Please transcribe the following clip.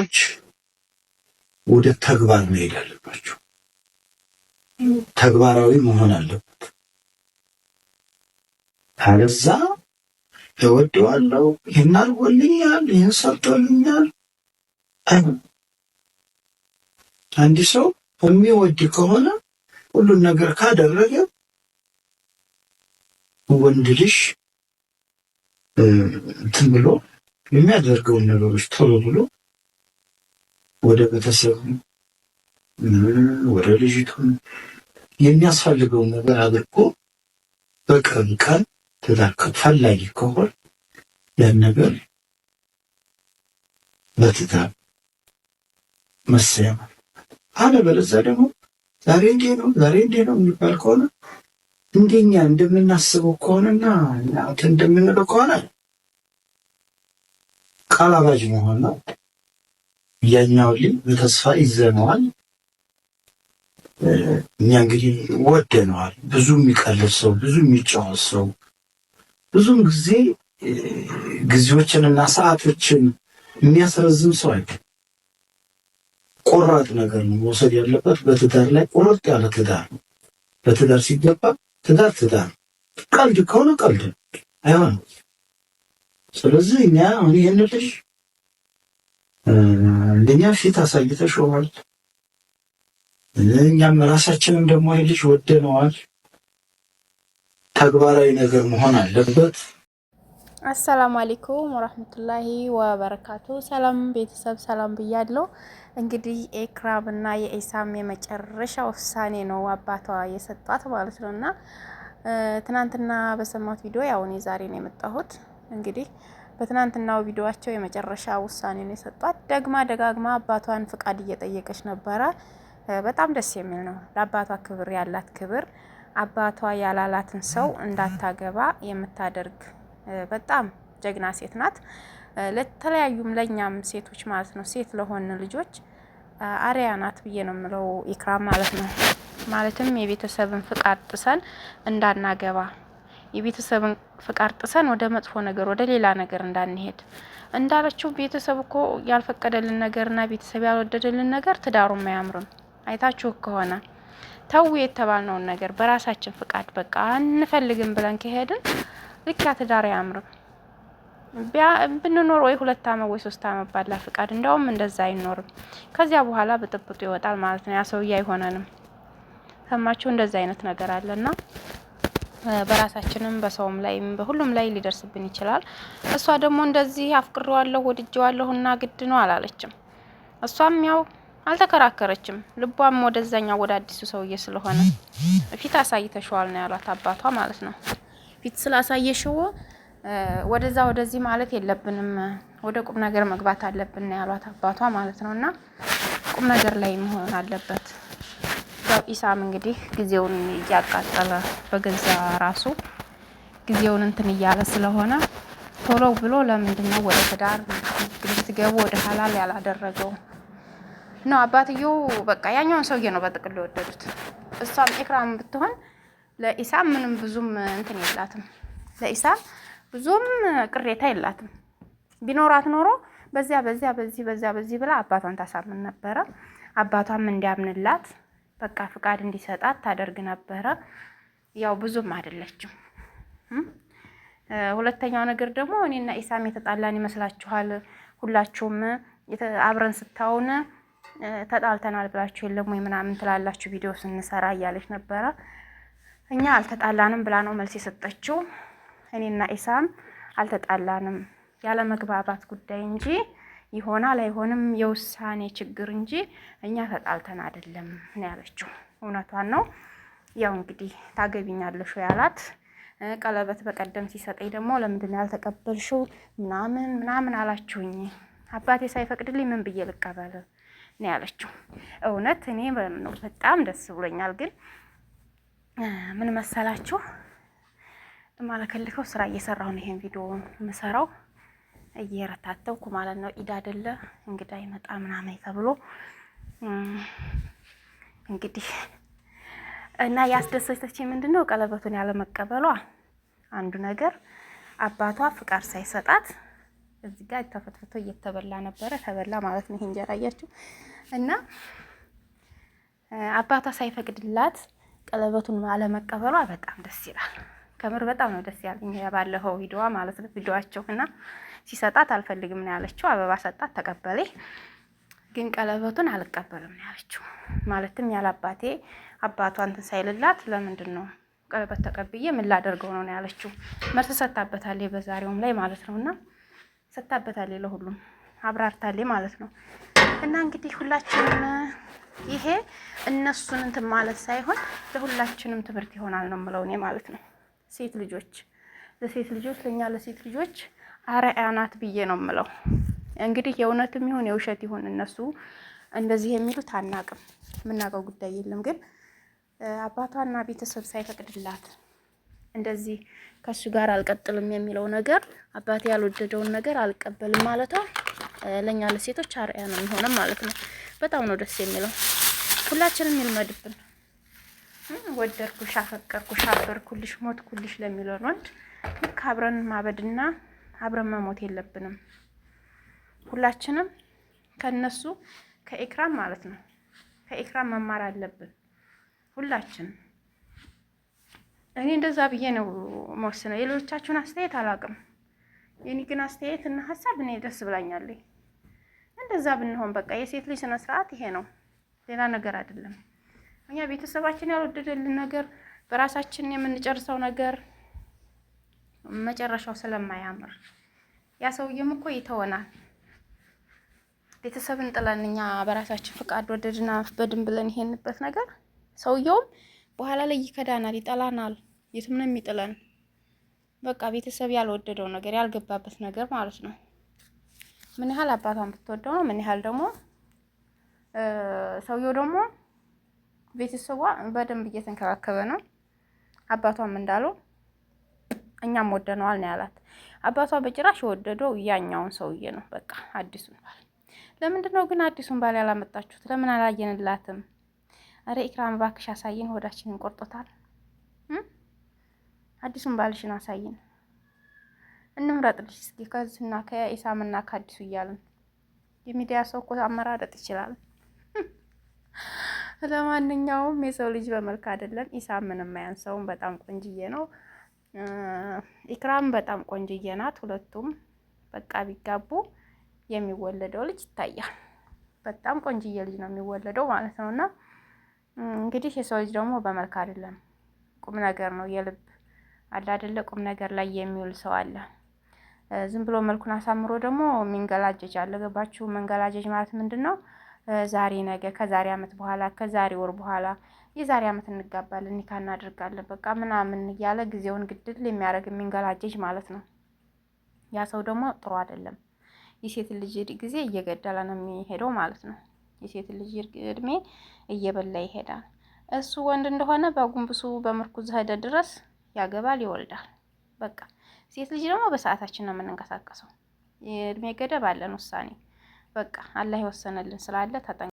ሰዎች ወደ ተግባር መሄድ አለባቸው። ተግባራዊ መሆን አለበት። አለዛ እወደዋለሁ፣ ይህን አድርጎልኛል፣ ይህን ሰርቶልኛል። አንድ ሰው የሚወድ ከሆነ ሁሉን ነገር ካደረገ ወንድ ልጅ እንትን ብሎ የሚያደርገውን ነገሮች ቶሎ ብሎ ወደ ቤተሰቡ ወደ ልጅቱ የሚያስፈልገውን ነገር አድርጎ በቀን ቀን ትዳር ፈላጊ ከሆን ያን ነገር በትዳር አለ። በለዛ ደግሞ ዛሬ እንዴ ነው ዛሬ እንዴ ነው የሚባል ከሆነ እንደኛ እንደምናስበው ከሆነና እንደምንለው ከሆነ ቃላ አባጅ መሆን ነው። ያኛው ልጅ በተስፋ ይዘነዋል። እኛ እንግዲህ ወደነዋል። ብዙ የሚቀልድ ሰው፣ ብዙ የሚጫወት ሰው፣ ብዙም ጊዜ ጊዜዎችንና ሰዓቶችን የሚያስረዝም ሰው አይ ቆራጥ ነገር ነው መውሰድ ያለበት። በትዳር ላይ ቆረጥ ያለ ትዳር ነው። በትዳር ሲገባ ትዳር ትዳር ቀልድ ከሆነ ቀልድ አይሆንም። ስለዚህ እኛ አሁን ይህን ልጅ አንደኛ ፊት አሳይተሽዋል። እኛም ራሳችንም ደግሞ ልጅ ወደነዋል። ተግባራዊ ነገር መሆን አለበት። አሰላሙ አሌይኩም ወራህመቱላሂ ወበረካቱ። ሰላም ቤተሰብ ሰላም ብያለሁ። እንግዲህ ኤክራምና የኢሳም የመጨረሻ ውሳኔ ነው አባቷ የሰጧት ማለት ነው እና ትናንትና በሰማሁት ቪዲዮ ያው እኔ ዛሬ ነው የመጣሁት እንግዲህ በትናንትናው ቪዲዮቸው የመጨረሻ ውሳኔን የሰጧት ደግማ ደጋግማ አባቷን ፍቃድ እየጠየቀች ነበረ። በጣም ደስ የሚል ነው። ለአባቷ ክብር ያላት ክብር አባቷ ያላላትን ሰው እንዳታገባ የምታደርግ በጣም ጀግና ሴት ናት። ለተለያዩም ለእኛም ሴቶች ማለት ነው ሴት ለሆን ልጆች አሪያ ናት ብዬ ነው የምለው ኢክራም ማለት ነው። ማለትም የቤተሰብን ፍቃድ ጥሰን እንዳናገባ የቤተሰብን ፍቃድ ጥሰን ወደ መጥፎ ነገር ወደ ሌላ ነገር እንዳንሄድ እንዳለችው ቤተሰብ እኮ ያልፈቀደልን ነገርና ቤተሰብ ያልወደደልን ነገር ትዳሩም አያምርም። አይታችሁ ከሆነ ተዊ የተባልነውን ነገር በራሳችን ፍቃድ በቃ አንፈልግም ብለን ከሄድን ልክ ያ ትዳር አያምርም። ብንኖር ወይ ሁለት አመት ወይ ሶስት አመት ባላ ፍቃድ እንዲያውም እንደዛ አይኖርም። ከዚያ በኋላ ብጥብጡ ይወጣል ማለት ነው። ያ ሰውዬ አይሆነንም። ሰማችሁ? እንደዛ አይነት ነገር አለና በራሳችንም በሰውም ላይ በሁሉም ላይ ሊደርስብን ይችላል። እሷ ደግሞ እንደዚህ አፍቅሬዋለሁ ወድጄዋለሁ እና ግድ ነው አላለችም። እሷም ያው አልተከራከረችም። ልቧም ወደዛኛው ወደ አዲሱ ሰውዬ ስለሆነ ፊት አሳይተሸዋል ነው ያሏት አባቷ ማለት ነው። ፊት ስላሳየሽው ወደዛ ወደዚህ ማለት የለብንም ወደ ቁም ነገር መግባት አለብን ነው ያሏት አባቷ ማለት ነው። እና ቁም ነገር ላይ መሆን አለብን ያው ኢሳም እንግዲህ ጊዜውን እያቃጠለ በገዛ ራሱ ጊዜውን እንትን እያለ ስለሆነ ቶሎ ብሎ ለምንድን ነው ወደ ትዳር ልትገቡ ወደ ሀላል ያላደረገው ነው? አባትየው በቃ ያኛውን ሰውዬ ነው በጥቅል የወደዱት። እሷም ኢክራም ብትሆን ለኢሳም ምንም ብዙም እንትን የላትም፣ ለኢሳም ብዙም ቅሬታ የላትም። ቢኖራት ኖሮ በዚያ በዚያ በዚህ በዚያ በዚህ ብላ አባቷን ታሳምን ነበረ። አባቷም እንዲያምንላት በቃ ፍቃድ እንዲሰጣት ታደርግ ነበረ። ያው ብዙም አይደለችም። ሁለተኛው ነገር ደግሞ እኔና ኢሳም የተጣላን ይመስላችኋል? ሁላችሁም አብረን ስታውን ተጣልተናል ብላችሁ የለም ወይ ምናምን ትላላችሁ ቪዲዮ ስንሰራ እያለች ነበረ። እኛ አልተጣላንም ብላ ነው መልስ የሰጠችው። እኔና ኢሳም አልተጣላንም ያለ መግባባት ጉዳይ እንጂ ይሆናል አይሆንም የውሳኔ ችግር እንጂ እኛ ተጣልተን አይደለም ነው ያለችው። እውነቷን ነው። ያው እንግዲህ ታገቢኛለሽ ያላት ቀለበት በቀደም ሲሰጠኝ ደግሞ ለምንድን ያልተቀበልሽው? ምናምን ምናምን አላችሁኝ። አባቴ ሳይፈቅድልኝ ምን ብዬ ልቀበል ነው ያለችው። እውነት እኔ ነው በጣም ደስ ብሎኛል። ግን ምን መሰላችሁ ማለከልከው ስራ እየሰራሁ ነው ይሄን ቪዲዮ የምሰራው እየረታተው ማለት ነው። ኢድ አይደለ እንግዳ ይመጣ ምናምን ተብሎ እንግዲህ እና ያስደሰተች ምንድን ነው ቀለበቱን ያለመቀበሏ አንዱ ነገር፣ አባቷ ፍቃድ ሳይሰጣት እዚህ ጋር ተፈትፍቶ እየተበላ ነበረ። ተበላ ማለት ነው እንጀራ እያችሁ እና አባቷ ሳይፈቅድላት ቀለበቱን አለመቀበሏ በጣም ደስ ይላል። ከምር በጣም ነው ደስ ያለኝ ባለፈው ቪዲዮዋ ማለት ነው ቪዲዮዋቸው እና ሲሰጣት አልፈልግም ነው ያለችው። አበባ ሰጣት ተቀበሌ ግን ቀለበቱን አልቀበልም ነው ያለችው። ማለትም ያለ አባቴ አባቷ እንትን ሳይልላት ለምንድን ነው ቀለበት ተቀብዬ ምን ላደርገው ነው ያለችው። መልስ ሰታበታለች፣ በዛሬውም ላይ ማለት ነው እና ሰታበታለች፣ ለሁሉም አብራርታለች ማለት ነው እና እንግዲህ ሁላችንም ይሄ እነሱን እንትን ማለት ሳይሆን ለሁላችንም ትምህርት ይሆናል ነው የምለው እኔ ማለት ነው። ሴት ልጆች ለሴት ልጆች ለእኛ ለሴት ልጆች አርአያ ናት ብዬ ነው የምለው። እንግዲህ የእውነትም ይሁን የውሸት ይሁን እነሱ እንደዚህ የሚሉት አናቅም፣ የምናውቀው ጉዳይ የለም። ግን አባቷና ቤተሰብ ሳይፈቅድላት እንደዚህ ከሱ ጋር አልቀጥልም የሚለው ነገር አባቴ ያልወደደውን ነገር አልቀበልም ማለቷ ለእኛ ለሴቶች አርአያ ነው የሚሆነም ማለት ነው። በጣም ነው ደስ የሚለው። ሁላችንም ይልመድብን። ወደድኩሽ፣ አፈቀርኩሽ፣ አበርኩልሽ፣ ሞትኩልሽ ለሚለን ወንድ ልክ አብረን ማበድና አብረን መሞት የለብንም። ሁላችንም ከነሱ ከኢክራም ማለት ነው ከኢክራም መማር አለብን ሁላችንም። እኔ እንደዛ ብዬ ነው መወስነው። የሌሎቻችሁን አስተያየት አላውቅም። የኔ ግን አስተያየት እና ሀሳብ እኔ ደስ ብላኛለኝ። እንደዛ ብንሆን በቃ የሴት ልጅ ስነ ስርዓት ይሄ ነው፣ ሌላ ነገር አይደለም። እኛ ቤተሰባችን ያልወደደልን ነገር በራሳችን የምንጨርሰው ነገር መጨረሻው ስለማያምር ያ ሰውዬም እኮ ይተወናል። ቤተሰብን ጥለን እኛ በራሳችን ፍቃድ ወደድና በድን ብለን ይሄንበት ነገር ሰውየውም በኋላ ላይ ይከዳናል፣ ይጠላናል፣ የትም ነው የሚጥለን። በቃ ቤተሰብ ያልወደደው ነገር ያልገባበት ነገር ማለት ነው። ምን ያህል አባቷን ብትወደው ነው ምን ያህል ደግሞ ሰውየው ደግሞ ቤተሰቧ በደንብ እየተንከባከበ ነው። አባቷም እንዳለው እኛም ወደነዋል ነው ያላት። አባቷ በጭራሽ የወደደው ያኛውን ሰውዬ ነው። በቃ አዲሱን ባል። ለምንድን ነው ግን አዲሱን ባል ያላመጣችሁት? ለምን አላየንላትም? እረ ኢክራም እባክሽ አሳይን፣ ሆዳችንን ቆርጦታል። አዲሱን ባልሽን አሳይን፣ እንምረጥልሽ እስኪ ከዚህና ከኢሳምና ከአዲሱ እያልን የሚዲያ ሰው እኮ አመራረጥ ይችላል። ለማንኛውም የሰው ልጅ በመልክ አይደለም። ኢሳም ምንም አያንሰውም። በጣም ቆንጅዬ ነው። ኢክራም በጣም ቆንጅዬ ናት። ሁለቱም በቃ ቢጋቡ የሚወለደው ልጅ ይታያል። በጣም ቆንጅዬ ልጅ ነው የሚወለደው ማለት ነው። እና እንግዲህ የሰው ልጅ ደግሞ በመልክ አይደለም፣ ቁም ነገር ነው የልብ አለ አይደለ? ቁም ነገር ላይ የሚውል ሰው አለ። ዝም ብሎ መልኩን አሳምሮ ደግሞ ሚንገላጀጅ አለ። ገባችሁ? መንገላጀጅ ማለት ምንድን ነው? ዛሬ ነገ ከዛሬ ዓመት በኋላ ከዛሬ ወር በኋላ የዛሬ ዓመት እንጋባለን ኒካ እናድርጋለን፣ በቃ ምናምን እያለ ጊዜውን ግድል የሚያደርግ የሚንገላጀጅ ማለት ነው። ያ ሰው ደግሞ ጥሩ አይደለም። የሴት ልጅ ጊዜ እየገደለ ነው የሚሄደው ማለት ነው። የሴት ልጅ እድሜ እየበላ ይሄዳል። እሱ ወንድ እንደሆነ በጉንብሱ በምርኩዝ ሄደ ድረስ ያገባል፣ ይወልዳል። በቃ ሴት ልጅ ደግሞ በሰዓታችን ነው የምንንቀሳቀሰው። የእድሜ ገደብ አለን ውሳኔ በቃ አላህ የወሰነልን ስላለ ተጠ